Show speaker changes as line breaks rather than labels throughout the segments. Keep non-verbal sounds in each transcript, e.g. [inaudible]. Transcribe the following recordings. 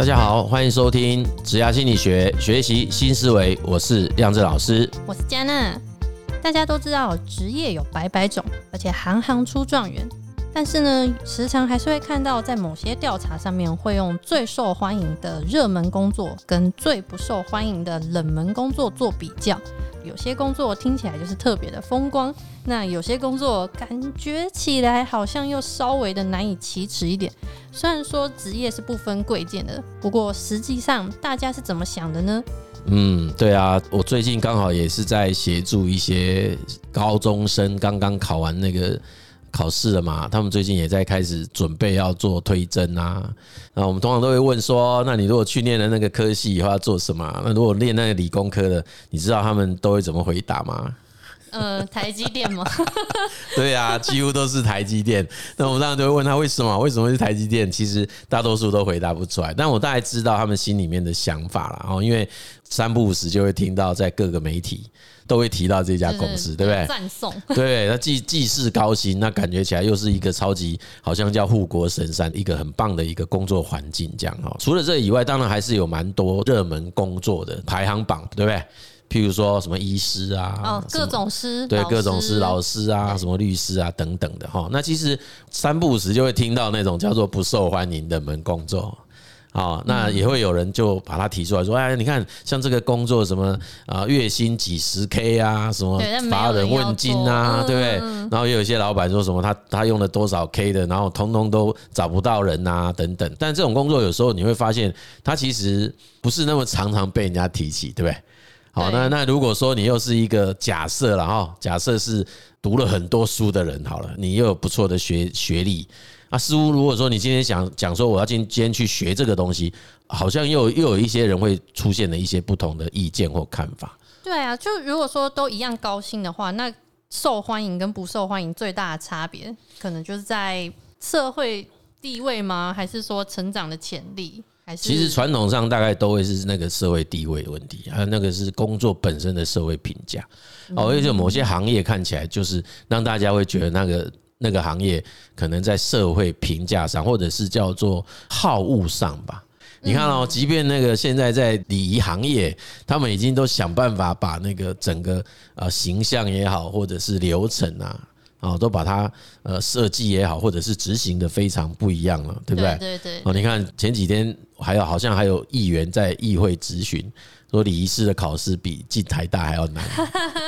大家好，歡迎收聽《職涯心理學》，學習新思維。我是亮震老師，
我是嘉那。大家都知道，職業有百百種，而且行行出狀元。但是呢，時常還是會看到，在某些調查上面，會用最受歡迎的熱門工作跟最不受歡迎的冷門工作做比較。有些工作聽起來就是特別的風光，那有些工作感覺起來好像又稍微的難以啟齒一點。雖然說職業是不分貴賤的，不過實際上大家是怎麼想的呢？嗯，
對啊，我最近剛好也是在協助一些高中生，剛剛考完那個。考試了嘛，他們最近也在開始準備要做推甄啊。那我們通常都會問說：那你如果去念了那個科系以後要做什麼？那如果念那個理工科的，你知道他們都會怎麼回答嗎？
呃，台積電嗎？
[laughs] 對啊，幾乎都是台積電。 [laughs] 那我們當然都會問他為什麼？為什麼是台積電？其實大多數都回答不出來，但我大概知道他們心裡面的想法了。然後因為三不五時就會聽到在各個媒體，都會提到這家公司，對不對？
贊頌。
對，那既既是高薪，那感覺起來又是一個超級，好像叫護國神山，一個很棒的一個工作環境，這樣哈。除了這以外，當然還是有蠻多熱門工作的排行榜，對不對？譬如說什麼醫師啊，各種師，
種師對，各種師老
師，老師啊，什麼律師啊等等的哈。那其實三不五時就會聽到那種叫做不受歡迎的冷門工作。好，那也會有人就把它提出來說，哎，你看像這個工作什麼啊，月薪幾十 K 啊，什麼乏人問津啊，對不對？對然後也有一些老闆說什麼他他用了多少 K 的，然後通通都找不到人啊等等。但這種工作有時候你會發現，它其實不是那麼常常被人家提起，對不對？好，那那如果說你又是一個假設了哈，假設是讀了很多書的人，好了，你又有不錯的學學歷。啊，似乎如果說你今天想講說我要今今天去學這個東西，好像又又有一些人會出現了一些不同的意見或看法。
對啊，就如果說都一樣高薪的話，那受歡迎跟不受歡迎最大的差別，可能就是在社會地位嗎？還是說成長的潛力？還是其實傳
統上大概都會是那個社會地位的問題，還有那個是工作本身的社會評價。哦，而且某些行業看起來就是讓大家會覺得那個。那個行業可能在社會評價上，或者是叫做好惡上吧。你看哦、喔，即便那個現在在禮儀行業，他們已經都想辦法把那個整個呃形象，也好，或者是流程啊，哦，都把它呃設計也好，或者是執行的非常不一樣了，對不對？對對。哦，你看前幾天還有，好像還有議員在議會質詢。說禮儀師的考試比進台大還要難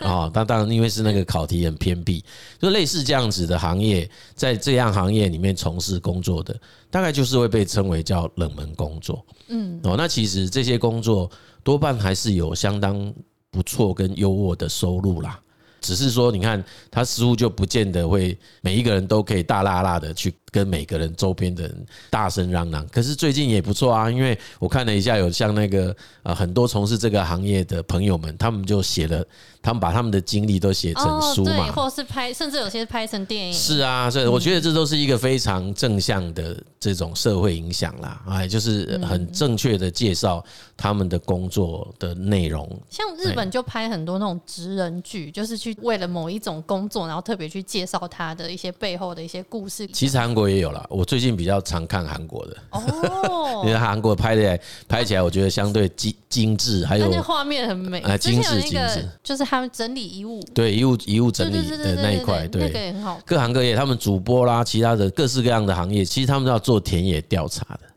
啊！當然，因為是那個考題很偏僻，就類似這樣子的行業，在這樣行業裡面從事工作的，大概就是會被稱為叫冷門工作。嗯，哦，那其實這些工作多半還是有相當不錯跟優渥的收入啦，只是說你看他似乎就不見得會每一個人都可以大剌剌的去。跟每個人周邊的人大聲嚷嚷，可是最近也不錯啊，因為我看了一下，有像那個呃很多從事這個行業的朋友們，他們就寫了，他們把他們的經歷都寫成書嘛。哦，對，或
是拍，甚至有些是拍成電影。是
啊，所以、嗯、我覺得這都是一個非常正向的這種社會影響啦，哎，就是很正確的介紹他們的工作的內容、嗯。像日本
就拍很多那種職人劇，就是去為了某一種工作，然後特別去介紹他的一些背後的一些故事。
其實韓國。我也有啦，我最近比較常看韓國的。
哦，因為
韓國拍的拍起來，起來我覺得相對精精緻，還有畫
面很美。呃那個、精致精緻，就是他們整理遺物，
對遺物遺物整理的那一塊，對，對那個、很好。各行各業，他們主播啦，其他的各式各樣的行業，其實他們都要做田野調查的。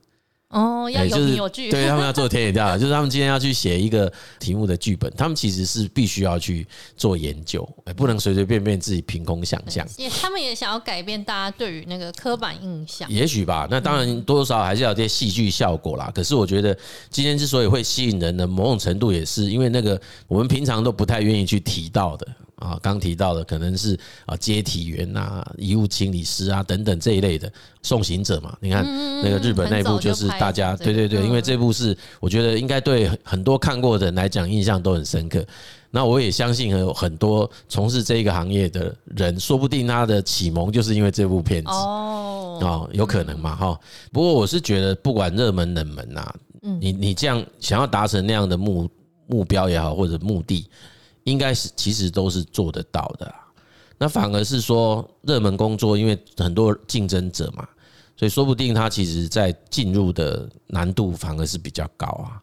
哦，要有理有據，欸就是、 [laughs] 對他們要
做田野調查，就是他們今天要去寫一個題目的劇本，他們其實是必須要去做研究，不能隨隨便便自己憑空想象。也，
他們也想要改變大家對於那個刻板印象。嗯、也許
吧，那當然多多少少還是要有些戲劇效果啦。可是我覺得今天之所以會吸引人的，某種程度也是因為那個我們平常都不太願意去提到的。啊，剛提到的可能是啊，接體員啊，遺物清理師啊，等等這一類的送行者嘛。你看那個日本那部，就是大家對對對，因為這部是我覺得應該對很多看過的人來講印象都很深刻。那我也相信有很多從事這一個行業的人，說不定他的啟蒙就是因為這部片子哦。有可能嘛哈。不過我是覺得不管熱門冷門啊，你你這樣想要達成那樣的目目標也好，或者目的。應該是其實都是做得到的啊，那反而是說熱門工作，因為很多競爭者嘛，所以說不定他其實在進入的難度反而是比較高啊，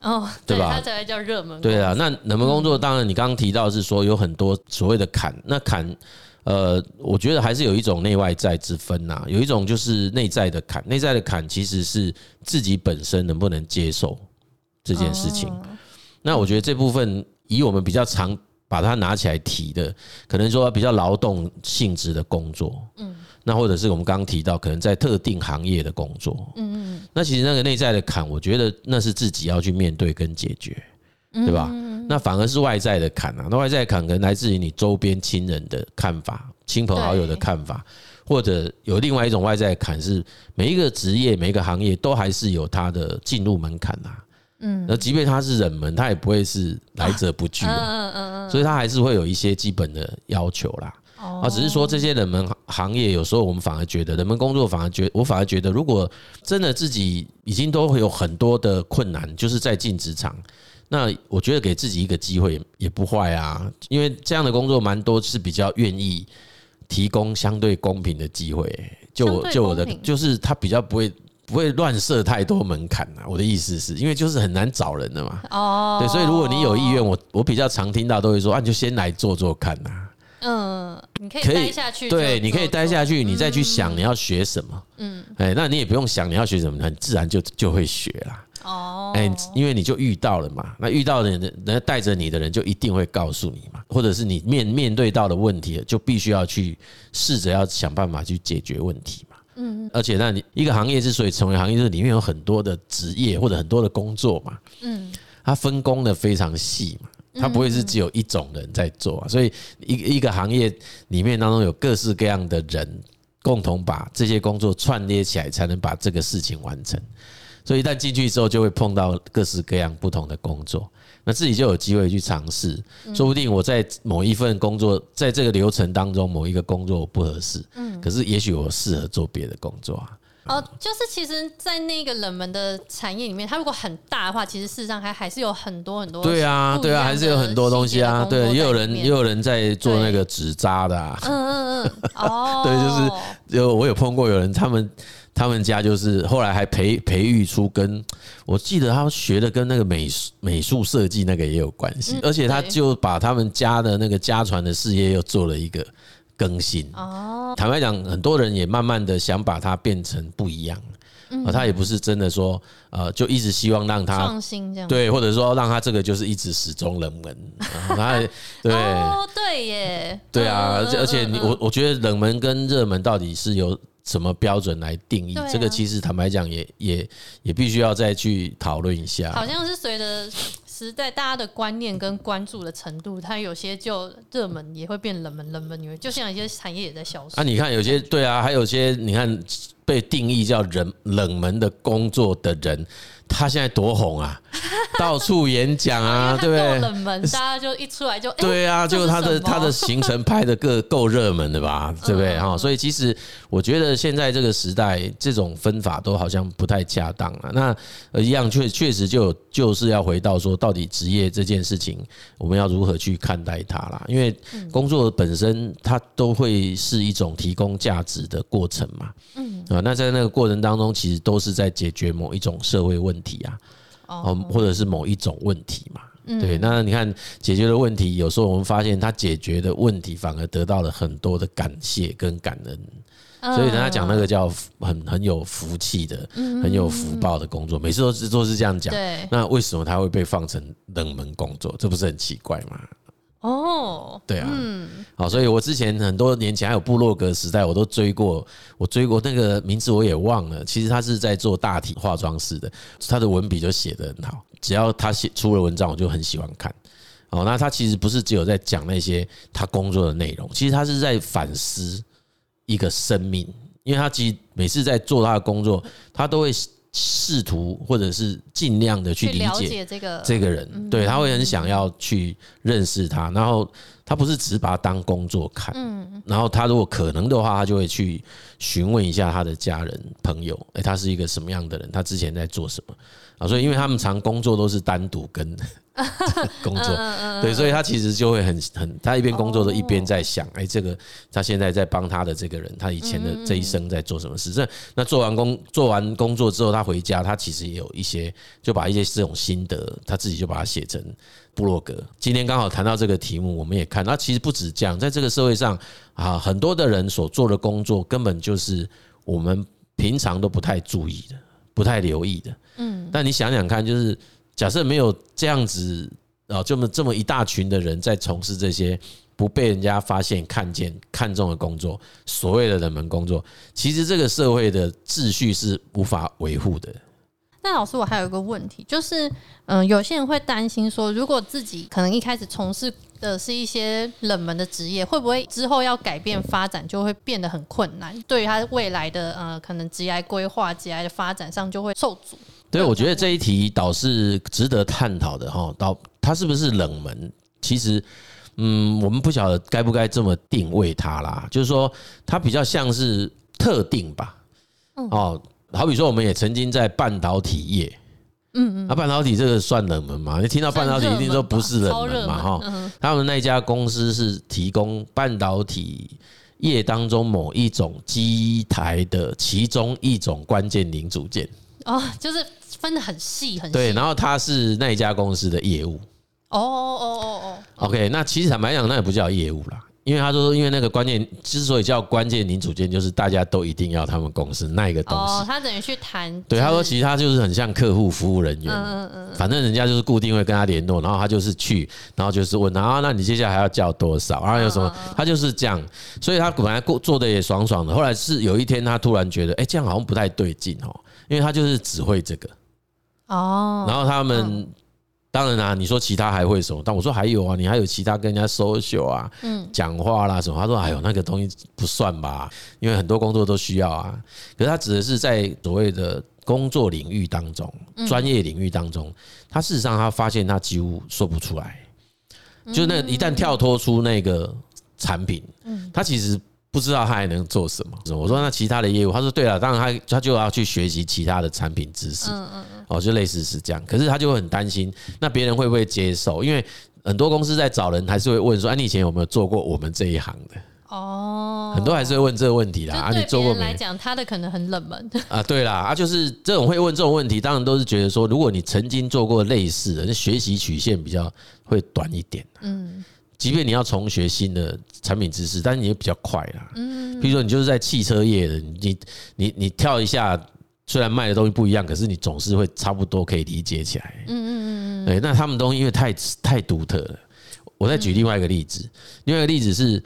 哦，對吧？它才叫熱門。對
啊，那熱門工作當然你剛剛提到是說有很多所謂的坎，那坎，呃，我覺得還是有一種內外在之分吶啊，有一種就是內在的坎，內在的坎其實是自己本身能不能接受這件事情，oh. 那我覺得這部分。以我們比較常把它拿起來提的，可能說比較勞動性質的工作，嗯，嗯，那或者是我們剛剛提到可能在特定行業的工作，嗯，嗯，那其實那個內在的坎，我覺得那是自己要去面對跟解決，嗯，嗯，對吧？那反而是外在的坎啊，那外在的坎可能來自於你周邊親人的看法、親朋好友的看法，或者有另外一種外在的坎是每一個職業、每一個行業都還是有它的進入門檻吶。嗯，那即便他是冷門，他也不會是來者不拒啊，嗯嗯，所以他還是會有一些基本的要求啦。哦，啊，只是說這些冷門行業，有時候我們反而覺得冷門工作反而覺，我反而覺得，如果真的自己已經都會有很多的困難，就是在進職場，那我覺得給自己一個機會也不壞啊，因為這樣的工作蠻多是比較願意提供相對公平的機會，就我就我的就是他比較不會。不會亂設太多門檻吶，我的意思是因為就是很難找人的嘛。
哦，對，所以如果你有意
願，我我比較常聽到都會說，啊，你就先來做做看吶。嗯，你
可以待下去。對，你可以
待下去，你再去想你要學什麼。嗯，哎，那你也不用想你要學什麼，你自然就就會學啦。哦，哎，因為你就遇到了嘛，那遇到的人人家帶著你的人就一定會告訴你嘛，或者是你面面對到的問題，就必須要去試着要想辦法去解決問題嘛。嗯，而且那你一個行業之所以成為行業，就是裡面有很多的職業或者很多的工作嘛。嗯，它分工的非常細嘛，它不會是只有一種人在做，所以一一個行業裡面當中有各式各樣的人共同把這些工作串聯起來，才能把這個事情完成。所以一旦進去之後，就會碰到各式各樣不同的工作，那自己就有機會去嘗試。說不定我在某一份工作，在這個流程當中某一個工作不合適，嗯，可是也許我適合做別的工作
啊。哦，就是其實，在那個冷門的產業裡面，它如果很大的話，其實事實上還還是有很多很多。嗯、對啊，對啊，還
是有很多東西啊。對，也有人也有人在做那個紙紮的。嗯嗯嗯，哦，對，就是有我有碰過有人他們。他們家就是後來還培培育出跟，我記得他學的跟那個美美術設計那個也有關係，而且他就把他們家的那個家傳的事業又做了一個更新。
哦，坦白講，很
多人也慢慢的想把它變成不一樣。
他也不
是真的說，呃，就一直希望讓他創
新這樣，對，
或者說讓他這個就是一直始終冷門。然後他也，對
對耶，對啊，而且而且你
我我覺得冷門跟熱門到底是有。什麼標準來定義啊，這個？其實坦白講，也也也必須要再去討論一下。好
像是隨着時代，大家的觀念跟關注的程度，它有些就熱門也會變冷門，冷門你會，就像一些產業也在消失。那，
啊，你看，有些對啊，還有些你看。被定義叫人冷門的工作的人，他現在多紅啊，到處演講啊，對不對？冷
門，大家就一出來就對啊，就他的他的
行程排得夠夠熱門的吧，對不對哈？所以其實我覺得現在這個時代這種分法都好像不太恰當了。那一樣確確實就就是要回到說，到底職業這件事情我們要如何去看待它啦？因為工作本身它都會是一種提供價值的過程嘛，嗯。那在那個過程當中，其實都是在解決某一種社會問題啊，哦，或者是某一種問題嘛。
Oh. 對，那
你看解決的問題，有時候我們發現他解決的問題反而得到了很多的感謝跟感恩，所以他講那個叫很很有福氣的，很有福報的工作，每次都是都是這樣講。對，那為什麼他會被放成冷門工作？這不是很奇怪嗎？
哦、oh，對啊，嗯，
好，所以我之前很多年前還有部落格時代，我都追過，我追過那個名字我也忘了。其實他是在做大體化妝師的，他的文筆就寫得很好，只要他寫出了文章，我就很喜歡看。哦，那他其實不是只有在講那些他工作的內容，其實他是在反思一個生命，因為他其實每次在做他的工作，他都會。試圖或者是盡量的去理解這個這個人，對他會很想要去認識他，然後他不是只把他當工作看，然後他如果可能的話，他就會去詢問一下他的家人朋友，誒，他是一個什麼樣的人，他之前在做什麼。啊，所以因為他們常工作都是單獨跟工作，對，所以他其實就會很很，他一邊工作的一邊在想，哎，這個他現在在幫他的這個人，他以前的這一生在做什麼事？這那做完工做完工作之後，他回家，他其實也有一些就把一些這種心得，他自己就把它寫成部落格。今天剛好談到這個題目，我們也看，那其實不止這樣，在這個社會上啊，很多的人所做的工作，根本就是我們平常都不太注意的。不太留意的，嗯，但你想想看，就是假設沒有這樣子啊，這麼這麼一大群的人在從事這些不被人家發現、看見、看重的工作，所謂的冷門工作，其實這個社會的秩序是無法維護的。
那老師，我還有一個問題，就是，嗯、呃，有些人會擔心說，如果自己可能一開始從事的是一些冷門的職業，會不會之後要改變發展就會變得很困難？對於他未來的呃，可能 G I 規劃 G I 的發展上就會受阻。
對，我覺得這一題倒是值得探討的哈。到它是不是冷門？其實，嗯，我們不曉得該不該這麼定位它啦。就是說，它比較像是特定吧。嗯、哦。好比說，我們也曾經在半導體業，嗯嗯，那半導體這個算冷門嗎？你聽到半導體一定說不是冷門嘛？哈，他們那一家公司是提供半導體業當中某一種機台的其中一種關鍵零組件。
哦，就是分得很細很細。對。
然後它是那一家公司的業務。
哦哦
哦哦哦。OK，那其實坦白講，那也不叫業務啦。因為他說，因為那個關鍵之所以叫關鍵零組件，就是大家都一定要他們公司那一個東西。他
等於去談。
對，他說其實他就是很像客戶服務人員，嗯嗯，反正人家就是固定會跟他聯絡，然後他就是去，然後就是問他啊，那你接下來還要叫多少？然後有什麼？他就是這樣，所以他本來做做的也爽爽的。後來是有一天他突然覺得，哎，這樣好像不太對勁哦，因為他就是只會這個
哦，然後
他們。當然啦、啊，你說其他還會什麼？但我說還有啊，你還有其他跟人家 social 啊，嗯，講話啦什麼？他說：“哎呦，那個東西不算吧，因為很多工作都需要啊。”可是他指的是在所謂的工作領域當中、專業領域當中，他事實上他發現他幾乎說不出來。就那一旦跳脫出那個產品，嗯，他其實不知道他還能做什麼。我說那其他的業務，他說對了，當然他他就要去學習其他的產品知識。嗯嗯。哦，就類似是這樣，可是他就會很擔心，那別人會不會接受？因為很多公司在找人，還是會問說：“你以前有沒有做過我們這一行的？”
哦，很多還是
會問這個問題啦。啊，你做過沒有？對別人來
講，他的可能很冷門
啊，對啦，啊，就是這種會問這種問題，當然都是覺得說，如果你曾經做過類似的，那學習曲線比較會短一點。嗯，即便你要重學新的產品知識，但是也比較快啦。嗯，譬如說你就是在汽車業的，你你你跳一下。雖然賣的東西不一樣，可是你總是會差不多可以理解起來，欸。嗯嗯嗯嗯。對，那他們東西因為太太獨特了。我再舉另外一個例子，另外一個例子是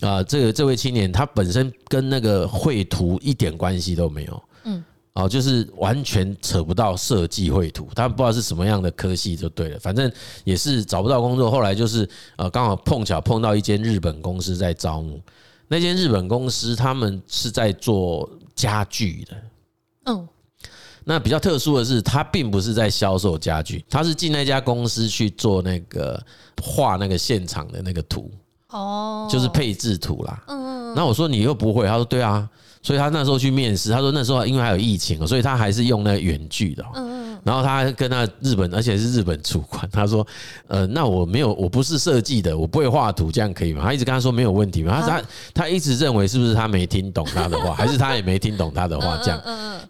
啊、呃，這個這位青年他本身跟那個繪圖一點關係都沒有。嗯。哦，就是完全扯不到設計繪圖，他不知道是什麼樣的科系就對了，反正也是找不到工作。後來就是呃，剛好碰巧碰到一間日本公司在招募，那間日本公司他們是在做家具的。嗯，那比較特殊的是，他並不是在銷售家具，他是進那家公司去做那個，畫那個現場的那個圖，
哦，就是
配置圖啦。嗯嗯，那我說你又不會，他說對啊，所以他那時候去面試，他說那時候因為還有疫情，所以他還是用那個原句的喔。然後他跟他日本，而且是日本主管，他說：“呃，那我沒有，我不是設計的，我不會畫圖，這樣可以嗎？”他一直跟他說沒有問題嘛，他他他一直認為是不是他沒聽懂他的話，啊、還是他也沒聽懂他的話 [laughs] 這樣？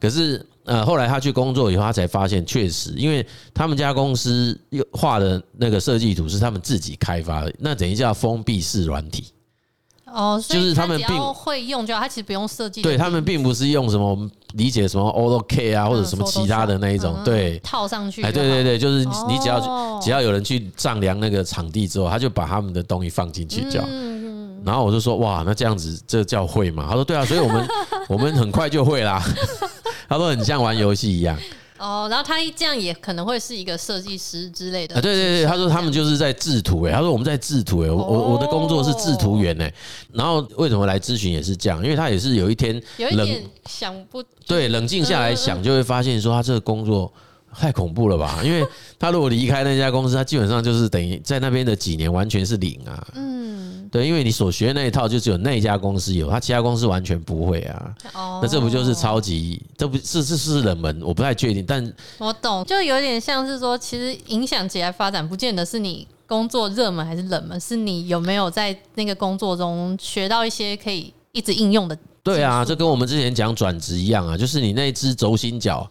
可是呃，後來他去工作以後，他才發現確實，因為他們家公司又畫的那個設計圖是他們自己開發的，那等於叫封閉式軟體。
哦，就是他們只會用，就好他其實不用設計。對他們
並不是用什麼我們理解什麼 O L K 啊，或者什麼其他的那一種。對，套
上去。哎，對對
對，對，就是你只要只要有人去丈量那個場地之後，他就把他們的東西放進去，叫。然後我就說哇，那這樣子這叫會嗎？他說對啊，所以我們我們很快就會啦。他說很像玩遊戲一樣。
哦、oh，，然後他一這樣也可能會是一個設計師之類的。對對
對，他說他們就是在製圖哎，他說我們在製圖哎，我、oh. 我，我的工作是製圖員哎，然後為什麼來諮詢也是這樣？因為他也是有一天有，冷想不對，冷靜下來想就會發現說他這個工作太恐怖了吧？因為他如果離開那家公司，他基本上就是等於在那邊的幾年完全是零啊。嗯。對，因為你所學的那一套就只有那一家公司有，他其他公司完全不會啊。哦、
oh.，那這不就
是超級？這不是，是是冷門，我不太確定。但
我懂，就有點像是說，其實影響職涯發展，不見得是你工作熱門還是冷門，是你有沒有在那個工作中學到一些可以一直應用的，
的。對啊，這跟我們之前講轉職一樣啊，就是你那隻軸心腳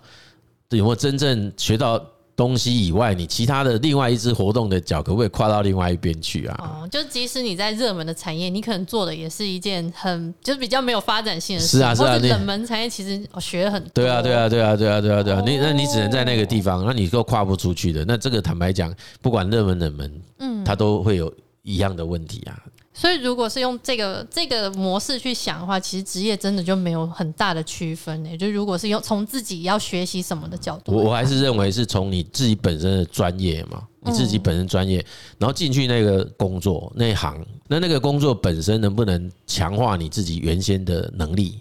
有沒有真正學到？東西以外，你其他的另外一隻活動的腳可不可以跨到另外一邊去啊？
哦，就是即使你在熱門的產業，你可能做的也是一件很就是比較沒有發展性的事。是啊，是啊，你冷門產業其實學很
多。對啊，對啊，對啊，對啊，對啊，對啊，哦，你那你只能在那個地方，那你都跨不出去的。那這個坦白講，不管熱門冷門，嗯，它都會有一樣的問題啊。
所以，如果是用這個這個模式去想的話，其實職業真的就沒有很大的區分誒、欸。就如果是用從自己要學習什麼的角度，
我我還是認為是從你自己本身的專業嘛，你自己本身專業，然後進去那個工作那一行，那那個工作本身能不能強化你自己原先的能力，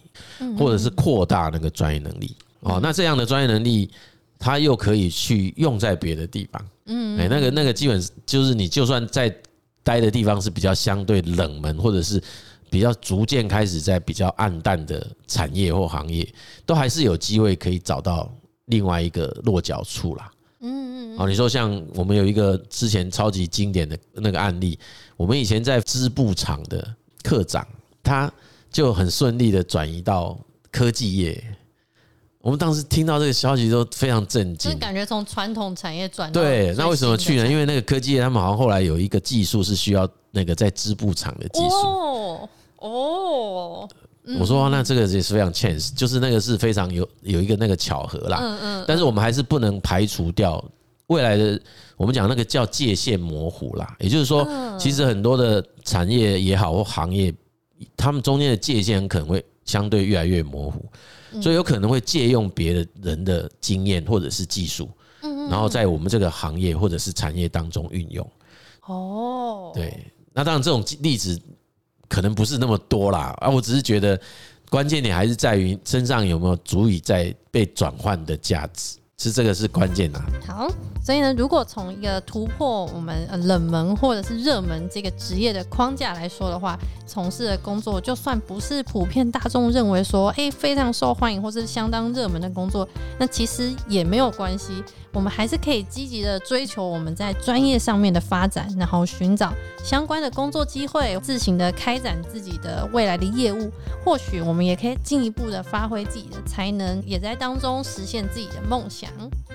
或者是
擴大那個專業能力？哦，那這樣的專業能力，它又可以去用在別的地方。嗯，欸，那個那個基本就是你就算在。待的地方是比較相對冷門，或者是比較逐漸開始在比較暗淡的產業或行業，都還是有機會可以找到另外一個落腳處啦。嗯嗯。好，你說像我們有一個之前超級經典的那個案例，我們以前在織布廠的課長，他就很順利的轉移到科技業。我們當時聽到這個消息都非常震驚，
感覺從傳統產業轉到，對，那為什麼去呢？因
為那個科技業他們好像後來有一個技術是需要那個在織布廠的技
術哦，哦，我說、啊、那
這個也是非常 Chance，就是那個是非常有有一個那個巧合啦，但是我們還是不能排除掉未來的，我們講那個叫界限模糊啦，也就是說，其實很多的產業也好或行業，他們中間的界限可能會相對越來越模糊。所以有可能會借用別的人的經驗或者是技術，嗯，然後在我們這個行業或者是產業當中運用。
哦，
對，那當然這種例子可能不是那麼多啦。啊，我只是覺得關鍵點還是在於身上有沒有足以在被轉換的價值。是這個是關鍵的、嗯。
好，所以呢，如果從一個突破我們冷門或者是熱門這個職業的框架來說的話，從事的工作就算不是普遍大眾認為說，誒、欸、非常受歡迎或是相當熱門的工作，那其實也沒有關係。我們還是可以積極的追求我們在專業上面的發展，然後尋找相關的工作機會，自行的開展自己的未來的業務。或許我們也可以進一步的發揮自己的才能，也在當中實現自己的夢想。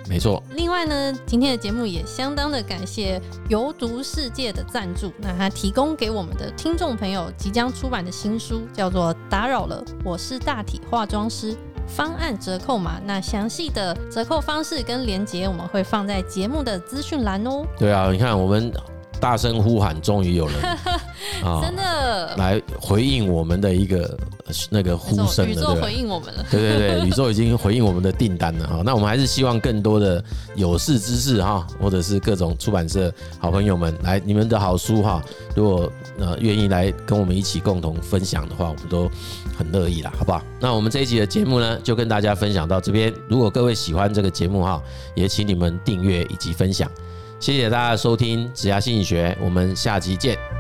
沒錯。另外呢，今天的節目也相當的感謝遊讀世界的贊助，那它提供給我們的聽眾朋友即將出版的新書叫做《打擾了，我是大體化妝師》。方案折扣嘛，那詳細的折扣方式跟連結我們會放在節目的資訊欄哦。
對啊，你看我們。大聲呼喊，終於有人啊， [laughs] 真
的、哦、來
回應我們的一個那個呼聲了，對，宇宙回應我們了，對對對，宇宙已經回應我們的訂單了哈。 [laughs] 那我們還是希望更多的有識之士哈，或者是各種出版社好朋友們來，你們的好書哈，如果呃願意來跟我們一起共同分享的話，我們都很樂意啦，好不好？那我們這一集的節目呢，就跟大家分享到這邊。如果各位喜歡這個節目哈，也請你們訂閱以及分享。謝謝大家的收聽《職涯心理學》，我們下集見。